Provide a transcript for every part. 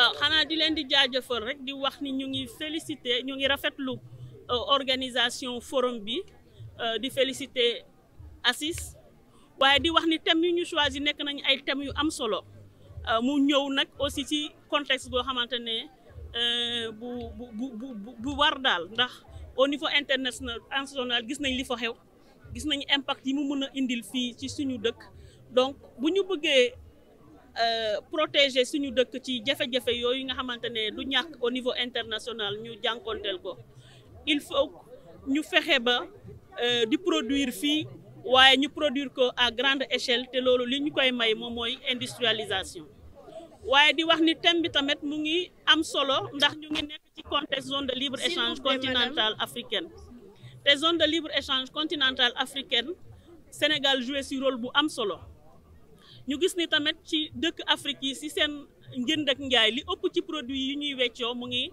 waaw xanaa di leen di jaajëfal rek di wax ni ñu ngi félicité ñu ngi rafetlu euh, organisation forum bi euh, di félicité assis waaye di wax ni thèmes yu ñu choisir nekk nañu ay thèmes yu am solo euh, mu ñëw nag aussi ci contexte goo xamante ne bu bu bu bu war daal ndax au niveau international gis nañ li fa xew gis nañu impact yi mu mën a indil fii ci suñu dëkk donc bu ñu bëggee. Euh, protéger suñu dëkk ci jafe-jafe yooyu nga xamante ne du ñàkk au niveau international ñu jànkonteel ko il faut ñu fexe ba euh, di produire fii waaye ñu produire ko à grande échelle te loolu li ñu koy may moom mooy industrialisation waaye di wax ni thème bi tamit mu ngi am solo ndax ñu ngi nekk ci contexte zone de libre échange continentale africaine te zone de libre échange continentale africaine Sénégal joué ci rôle bu am solo ñu gis ni tamit ci dëkk Afrique yi si seen njënd ak njaay li ëpp ci produit yi ñuy weccoo mu ngi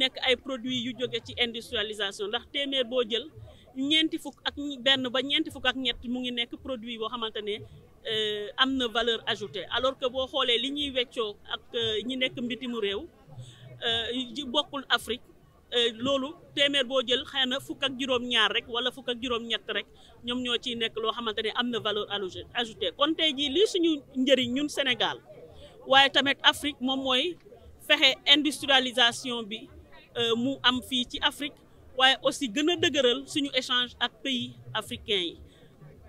nekk ay produits yu jóge ci industrialisation ndax téeméer boo jël ñeenti fukk ak benn ba ñeenti fukk ak ñett mu ngi nekk produit boo xamante ne euh, am na valeur ajoutée alors que boo xoolee li ñuy weccoo ak euh, ñi nekk mbitimu réew ji euh, bokkul Afrique Euh, loolu téeméer boo jël xëy na fukk ak juróom-ñaar rek wala fukk ak juróom-ñett rek ñoom ñoo ciy nekk loo xamante ne am na valeur ajoutée kon tey jii lii suñu njëriñ ñun Sénégal waaye tamit Afrique moom mooy fexe industrialisation bi euh, mu am fii ci Afrique waaye aussi gën a dëgëral suñu échange ak pays africains yi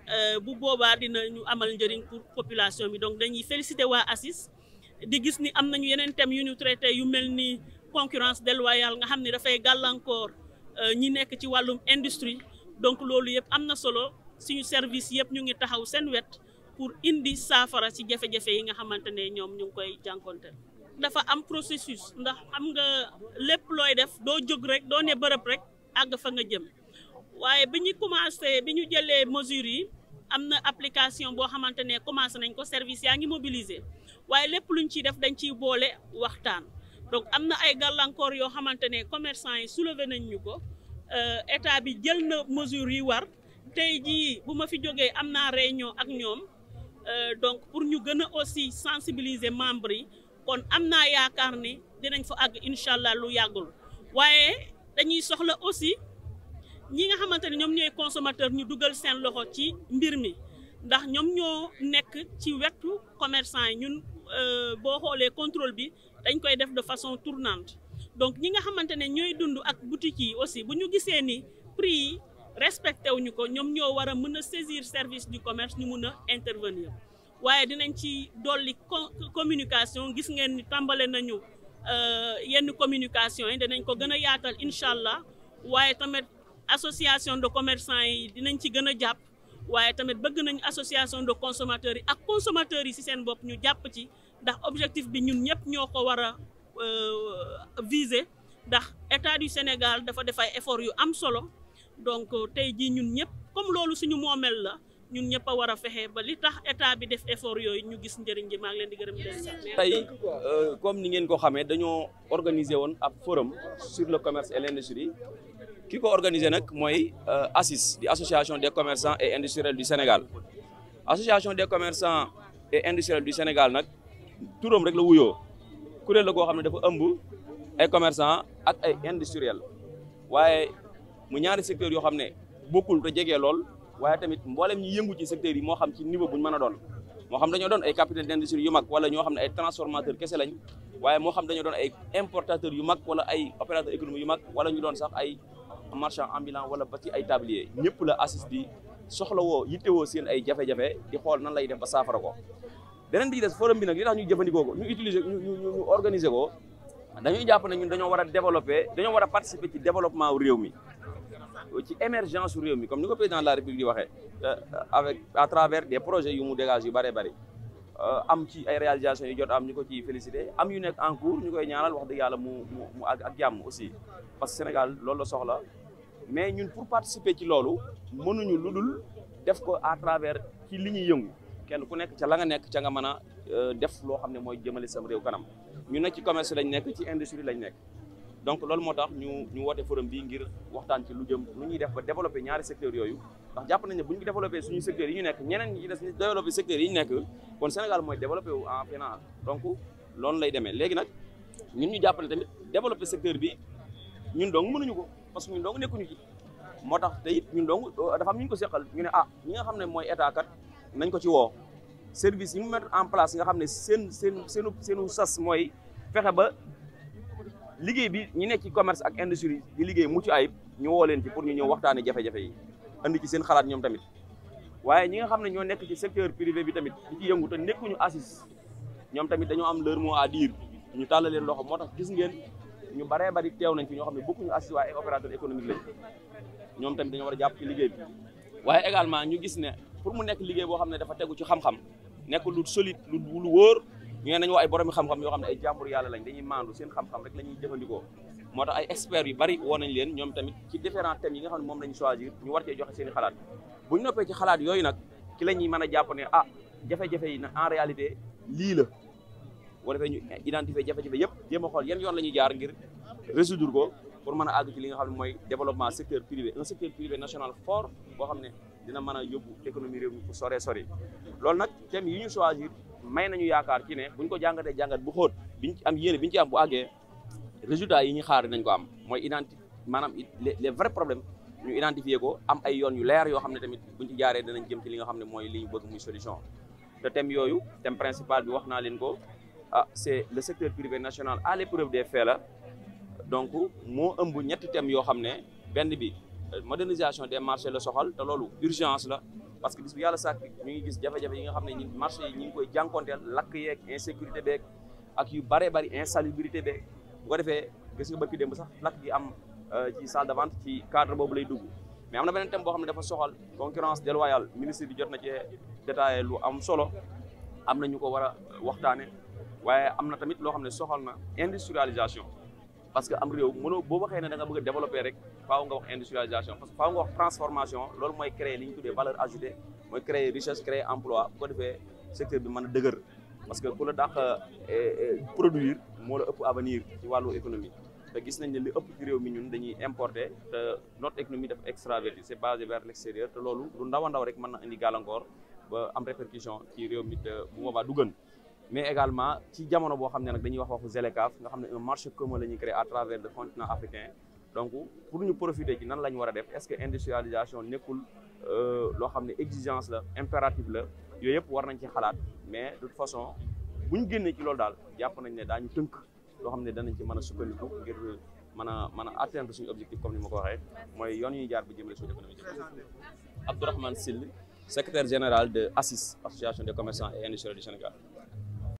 euh, bu boobaa ñu amal njëriñ pour population bi donc dañuy féliciter waa assis di gis ni am nañu yeneen thèmes yu ñu traité yu mel nii concurrence déloyale nga xam ni dafay gàllankoor euh, ñi nekk ci wàllum industrie donc loolu yëpp am na solo suñu service yëpp ñu ngi taxaw seen wet pour indi saafara ci jafe-jafe yi nga xamante ne ñoom ñu ngi koy jànkonteel. dafa am processus ndax xam nga lépp looy def doo jóg rek doo ne bërëb rek àgg fa nga jëm waaye bi ñu commencé bi ñu jëlee mesures yi am na application boo xamante ne commencé nañ ko service yaa ngi mobiliser waaye lépp lu luñ ciy def dañ ciy boole waxtaan. donc am na ay gàllankoor yoo xamante ne commerçant yi soulevé nañ ñu ko euh, état bi jël na mesures yi war tey jii bu ma fi jógee am naa réunion ak ñoom euh, donc pour ñu gën a aussi sensibiliser membres yi kon am naa yaakaar ni dinañ fa àgg incha allah lu yàggul waaye dañuy soxla aussi ñi nga xamante ne ñoom ñooy consommateur ñu dugal seen loxo ci mbir mi ndax ñoom ñoo nekk ci wetu commerçant yi ñun Euh, boo xoolee contrôle bi dañ koy def de façon tournante donc ñi nga xamante ne ñooy dund ak boutique yi aussi bu ñu gisee ni prix yi respecté wuñu ko ñoom ñoo war a mën a saisir service du commerce ñu mun a intervenir waaye dinañ ci dolli communication gis ngeen ni tàmbale nañu euh, yenn communication yi dinañ ko gën a yaatal incha allah waaye tamit association de commerçants yi dinañ ci gën a jàpp waaye tamit bëgg nañ association de consommateurs yi ak consommateurs yi si seen bopp ñu jàpp ci ndax objectif bi ñun ñëpp ñoo ko war a euh, viser ndax état yu Sénégal dafa def ay effort yu am solo donc euh, tey jii ñun ñëpp comme loolu suñu moomeel la ñun ñëpp a war a fexe ba li tax état bi def effort yooyu ñu gis njëriñ ji maa ngi leen di gërëm leen sax. tey euh, comme ni ngeen ko xamee dañoo organiser woon ab forum sur le commerce et l'industrie ki ko organisé nag mooy euh, ACIS di association des commerçants et industriels du Sénégal association des commerçants et industriels du nag turam rek la wuyoo kuréel la koo xam ne dafa ëmb ay commerçants ak ay industriels waaye mu ñaari secteurs yoo xam ne bokkul te jege lool waaye tamit mboolem ñi yëngu ci secteurs yi moo xam ci niveau bu ñu mën a doon moo xam dañoo doon ay capitaine d'industrie yu mag wala ñoo xam ne ay transformateur kese lañ waaye moo xam dañoo doon ay importateurs yu mag wala ay opérateurs économiques yu mag wala ñu doon sax ay marchand ambulant wala ba ci ay tablier ñëpp la ACIS di soxlawoo yittewoo seen ay jafe-jafe di xool nan lay dem ba saafara ko beneen bi ci des forum bi nag li tax ñu jëfandikoo ko ñu utiliser ñu ñu ko dañuy jàpp ne ñun dañoo war a développer dañoo war a participer ci développement réew mi ci émergence réew mi comme ni ko président de la république di waxee euh, avec à travers de projets yu mu dégage yu bëree bëri Euh, am ci ay réalisations yu jot am ñu ko ci félicité am yu nekk en cours ñu koy ñaanal wax dëgg yàlla mu mu mu ak jàmm aussi parce que Sénégal loolu la soxla mais ñun pour participer ci loolu mënuñu lu dul def ko à travers ci li ñuy yëngu kenn ku nekk ca la nga nekk ca nga mën a euh, def loo xam ne mooy jëmale sam réew kanam ñu nag ci commerce lañ nekk ci industrie lañ nekk. donc loolu moo tax ñu ñu woote forum bi ngir waxtaan ci lu jëm lu ñuy def ba développer ñaari secteurs yooyu ndax jàpp nañ ne bu ñu développé suñu secteurs yi ñu nekk ñeneen ñi ci ñu nekk kon Sénégal mooy développé wu en finance donc loolu lay demee léegi nag ñun ñu jàpp ne tamit développé secteur bi ñun dong mënuñu ko parce que ñun dong nekkuñu ci moo tax te it ñun dong dafa ñu ko seqal ñu ne ah ñi nga xam ne mooy état kat nañ ko ci woo service yi mu mettre en place nga xam ne seen seen seenu seenu sas mooy fexe ba liggéey bi ñu nekk ci commerce ak industrie di liggéey mucc ayib ñu woo leen ci pour ñu ñëw waxtaane jafe-jafe yi andi seen xalaat ñoom tamit waaye ñi nga xam ne ñoo nekk ci secteur privé bi tamit di ci yëngu te nekkuñu ACIS ñoom tamit dañoo am leur mot diir ñu tàllaleen loxo moo tax gis ngeen ñu baree bari teew nañ fi ñoo xam ne bokkuñu ACIS waaye opérateur économique lañ ñoom tamit dañoo war a jàpp ci liggéey bi waaye également ñu gis ne pour mu nekk liggéey boo xam ne dafa tegu ci xam-xam nekk lu lu lu ñu ne nañu ay borom xam-xam yoo xam ne ay jàmbur yàlla lañ dañuy maandu seen xam-xam rek la jëfandikoo moo tax ay experts yu bari woo leen ñoom tamit ci différents thèmes yi nga xam ne moom lañ choisir ñu war cee joxe seen xalaat bu ñu noppee xalaat yooyu nag ci la ñuy mën a jàpp a ah jafe-jafe yi nag en réalité lii la boo defee ñu identifier jafe-jafe yëpp jéem a xool yan yoon la ñuy jaar ngir résoudre ko pour mën a àgg ci li nga xam ne mooy développement secteur privé un secteur privé national fort boo xam ne a yóbbu économie réew mi fu soree sori may nañu yaakaar ci ne buñ ko jàngatee jàngat bu xoot biñ ci am yéene biñ ci am bu àggee résultat yi ñu xaar nañ ko am mooy identi maanaam les vrais problème ñu identifier ko am ay yoon yu leer yoo xam ne tamit buñ ci jaaree danañ jëm ci li nga xam ne mooy li ñu bëgg muy solution te thème yooyu thème principal bi wax naa leen ko ah c'est le secteur privé national à l'épreuve des faits donc moo ëmb ñetti thèmes yoo xam ne benn bi modernisation des marché la soxal te loolu urgence la parce que bis yàlla sàkk ñu ngi gis jafe-jafe yi nga xam ne ñi marché yi ñu ngi koy jànkonteel lakk yeeg insécurité beeg ak yu bare bari insalubrité beeg bu ko defee ba ki dem démb sax lakk gi am euh, ci salle de ci cadre boobu lay dugg mais am na beneen thème boo xam ne dafa soxal concurrence déloyale ministre bi jot na cee détaillé lu am solo am na ñu ko war a waxtaane waaye am na tamit loo xam ne soxal na industrialisation parce que am réew mënoo boo waxee ne da nga bëgg a développer rek faaw nga wax industrialisation parce que faaw nga wax transformation loolu mooy créer li ñu tuddee valeur ajoutée mooy créer richesse créer emploi bu ko defee secteur bi mën a dëgër parce que ku la dàq eh, eh, produire moo la ëpp avenir ci wàllu économie te gis nañ ne li ëpp ci réew mi ñun dañuy importer te not économie dafa extraverti c'est basé vers l'extérieur te loolu lu ndaw ndaw rek mën na indi gàllankoor ba am répercussion ci réew mi boobaa du gën mais également ci jamono boo xam ne nag dañuy wax waxu ZLECAf nga xam ne un marché commun la ñuy créer à travers le continent africain donc pour ñu profiter ci nan lañu ñu war a def est-ce que industrialisation nekkul euh, loo xam ne exigence la impératif la yooyu yëpp war nañ ci xalaat mais de toute façon bu ñu génnee ci loolu daal jàpp nañ ne daañu tënk loo xam ne danañ ci mën a sukkandiku ngir mën a mën a atteindre suñu objectif comme ni ma ko waxee mooy yoon ñuy jaar ba jëmale suñu économie Abdourahmane Sill secrétaire général de ACIS association des commerçants et industriels Sénégal